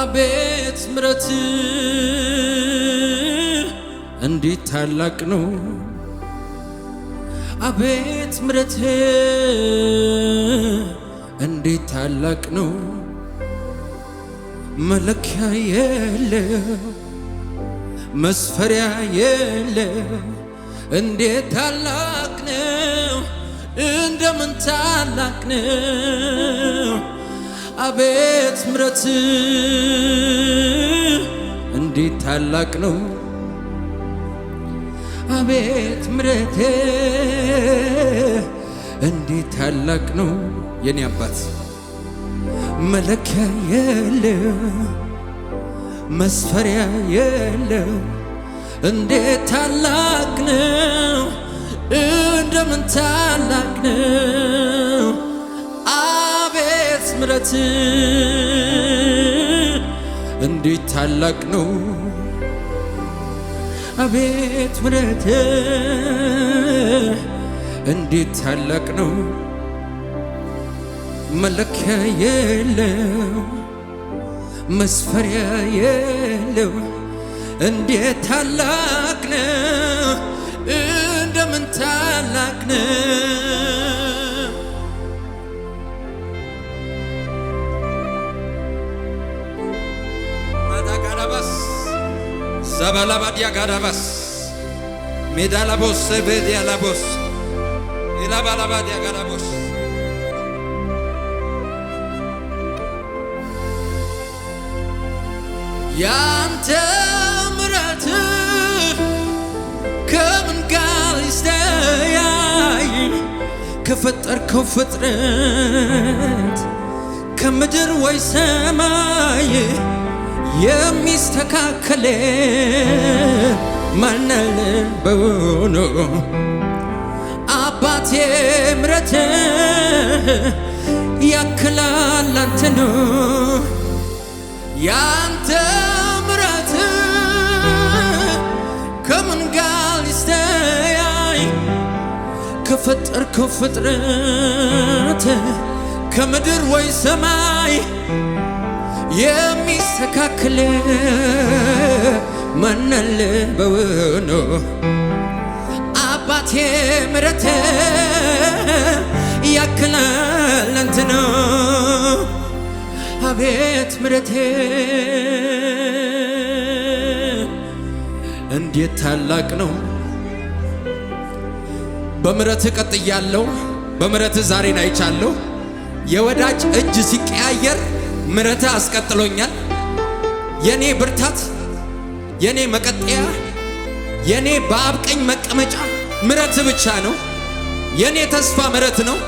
አቤት ምረት እንዴት ታላቅ ነው! አቤት ምረት እንዴት ታላቅ ነው! መለኪያ የለ መስፈሪያ የለ እንዴት ታላቅ ነው! እንደምን ታላቅ ነው! አቤት ምረት እንዴት ታላቅ ነው! አቤት ምረት እንዴት ታላቅ ነው! የኔ አባት መለኪያ የለው መስፈሪያ የለው እንዴት ታላቅ ነው! እንደምን ታላቅ ነው! ምረት እንዴት ታላቅ ነው! አቤት ምረት እንዴት ታላቅ ነው! መለኪያ የለው መስፈሪያ የለው እንዴት ታላቅ ነው! balabadia garabas. Medalabos se vede a la voz. Y la balabadia garabos. Yante mrate. Come and call his day. Kafatar kofatrent. Kamadir wa samayi. የሚስተካከል ማናለ በሆኑ አባቴ ምረት ያክላል ያንተ ምረት ከምን ጋር ይስተያይ ከፈጠርከው ፍጥረት ከምድር ወይ ሰማይ የሚስተካክል መነል በውኑ አባቴ ምረት ያክላል ነው አቤት ምረቴ እንዴት ታላቅ ነው። በምረት ቀጥያለሁ። በምረት ዛሬን አይቻለሁ። የወዳጅ እጅ ሲቀያየር ምረተ አስቀጥሎኛል። የኔ ብርታት፣ የኔ መቀጠያ፣ የኔ በአብቀኝ መቀመጫ ምረት ብቻ ነው። የኔ ተስፋ ምረት ነው።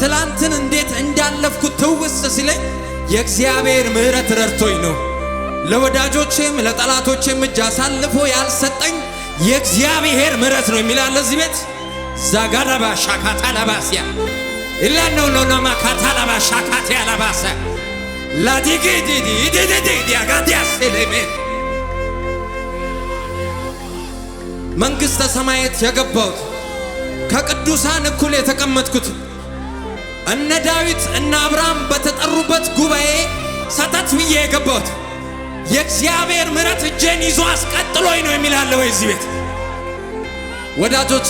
ትላንትን እንዴት እንዳለፍኩት ትውስ ሲለኝ የእግዚአብሔር ምረት ረድቶኝ ነው። ለወዳጆቼም ለጠላቶቼም እጅ አሳልፎ ያልሰጠኝ የእግዚአብሔር ምረት ነው የሚላለ ለዚህ ቤት ዛጋረባ ሻካታ ለባስያ ነው ሎኖማ ካታ ለባ ሻካቴ መንግሥተ ሰማየት የገባሁት ከቅዱሳን እኩል የተቀመጥኩት እነ ዳዊት እነ አብርሃም በተጠሩበት ጉባኤ ሰተት ብዬ የገባሁት የእግዚአብሔር ምሕረት እጄን ይዞ አስቀጥሎኝ ነው የሚላለ ወይ ቤት ወዳጆቼ፣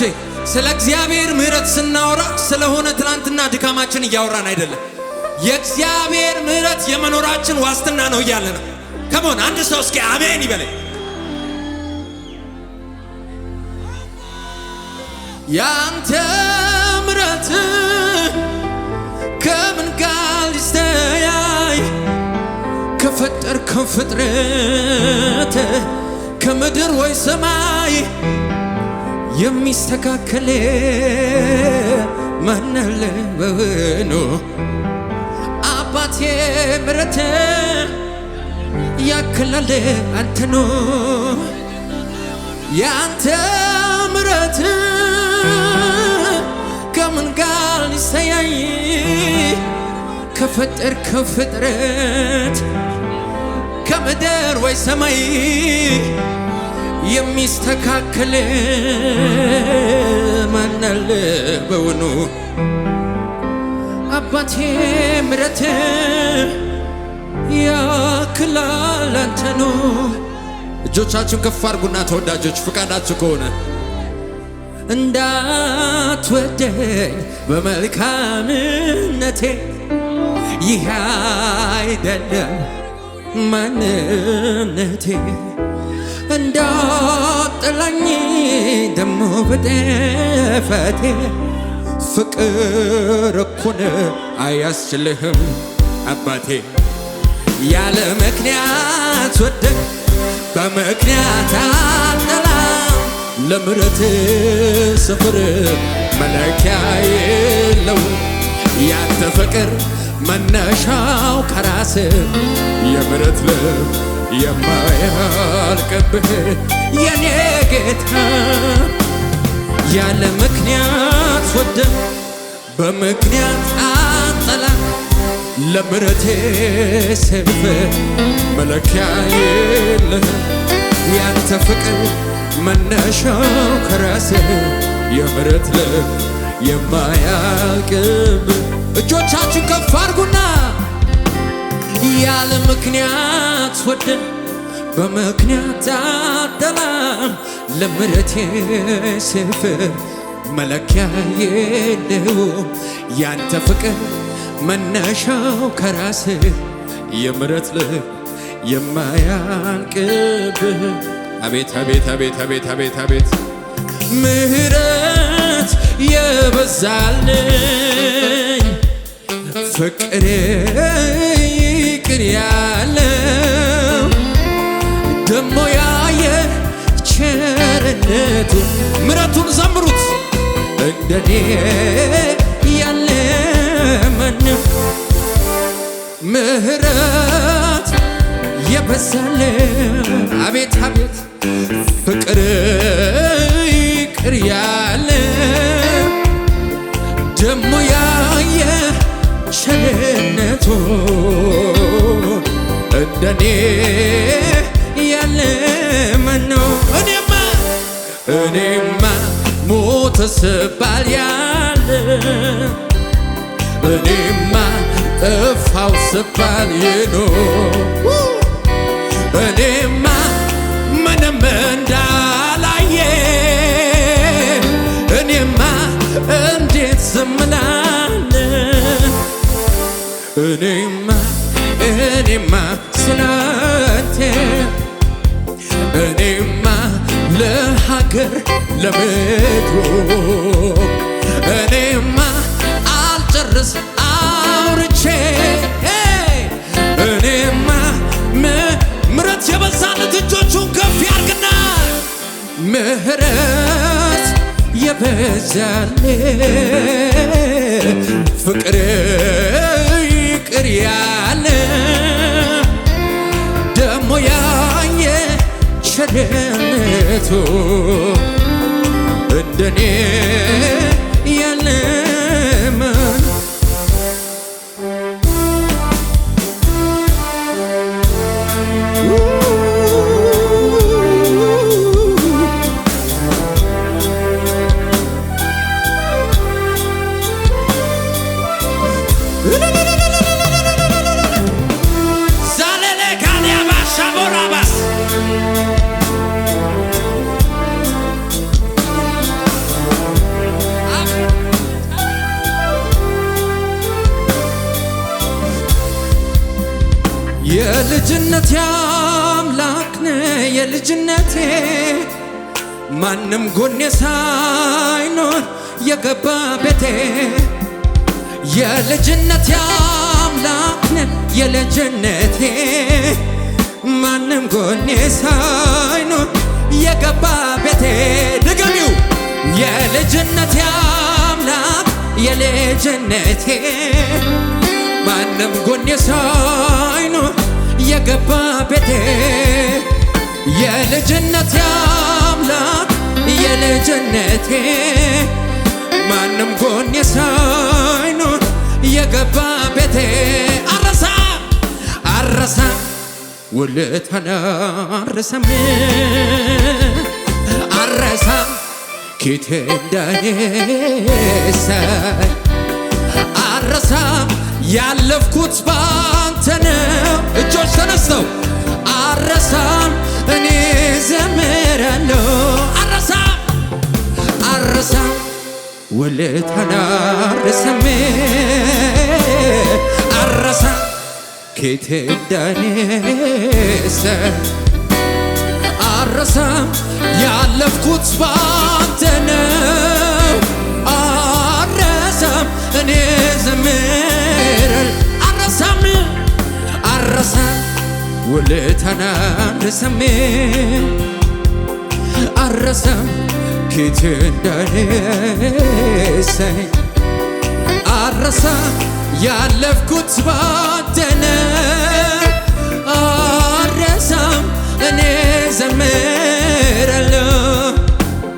ስለ እግዚአብሔር ምረት ስናወራ ስለሆነ ትናንትና ድካማችን እያወራን አይደለም። የእግዚአብሔር ምሕረት የመኖራችን ዋስትና ነው እያለ ነው። ከመሆን አንድ ሰው እስኪ አሜን ይበለኝ። ያንተ ምሕረት ከምን ጋር ይስተያይ ከፈጠርከው ፍጥረት ከምድር ወይ ሰማይ የሚስተካከል መነለበኖ አባቴ ምረት ያክላል አንተኑ ያንተ ምረት ከምን ጋር ሊሰያይ ከፈጠርከው ከፍጥረት ከምድር ወይ ሰማይ የሚስተካከል ማናለ በውኑ የአባቴ ምረት ያክላል አንተኑ እጆቻችሁን ከፍ አድርጉና ተወዳጆች ፍቃዳችሁ ከሆነ እንዳትወደኝ በመልካምነቴ ይህ አይደለም ማንነቴ እንዳትጥለኝ ደግሞ በጥፋቴ ፍቅር እኩን አያስችልህም አባቴ ያለ ምክንያት ወደቅ በምክንያት አጠላ ለምረት ስፍር መለኪያ የለው ያንተ ፍቅር መነሻው ከራስ የምረት ልብ የማያልቅብህ የኔ ጌታ ያለ ምክንያት ወደ በምክንያት አጠላ ለምረቴ ሰልፍ መለኪያ የለህ ያንተ ፍቅር መነሻው ከራሴ የምረት ልብ የማያልቅብ እጆቻችን ከፍ አድርጉና ያለ ምክንያት ወደን በምክንያት አጠላም ለምረት ስፍር መለኪያ የለውም። ያንተ ፍቅር መነሻው ከራስ የምረት ልብ የማያንቅብህ አቤት አቤት አቤት አቤት አቤት አቤት ምህረት የበዛልኝ ፍቅር ይቅር ደሞ ያየ ቸርነቱን ምረቱን ዘምሩት እንደኔ ያለ ማንም ምህረት የበዛለ አቤት አቤት ፍቅር ይቅር ያለ ደሞ ያየ ቸርነቱን እንደኔ ምነው እኔማ እኔማ ሞት ስባል ያለ እኔማ ጠፋው ስባል ይኖ እኔማ ምንም እንዳላየ እኔማ እንዴት ዝምላለ እኔማ እኔማ ስላንቴ እኔማ ለሀገር ለምድሩ እኔማ አልጨርስ አውርቼ እኔማ ምረት የበዛለት እጆቹን ከፍ ያርግና ምህረት የበዛለ ፍቅር ይቅር በቸርነቱ እንደኔ የልጅነት ነ የልጅነቴ ማንም ጎኔ ሳይኖር የገባ ቤቴ የልጅነት ነ የልጅነቴ ማንም ጎኔ ሳይኖር የገባ ቤቴ ድገሚው የልጅነት አምላክ የልጅነቴ ማንም ጎኔ ሳይኖር የልጅነት ያምላክ የልጅነቴ ማንም ጎን ሳይኖር የገባ ቤቴ አረሳ አረሳ ውልታን አረሳም አረሳ ኪቴ እንዳኔሰ አረሳ ያለፍኩት ባንተ ነው እጆች ተነስተው አረሳም እኔ ዘምራለሁ አረሳ አረሳ ውለታን አረሳም አረሳ ኬቴዳኔሰ አረሳ ያለፍኩት ባንተ ነው አረሳም እኔ ዘምራለሁ አረሳም አረሳ ውልተና እንደሰሜ አረሰም ኬት እንደኔሰኝ አረሰ ያለፍኩት ባደነ አረሰም እኔ ዘምራለሁ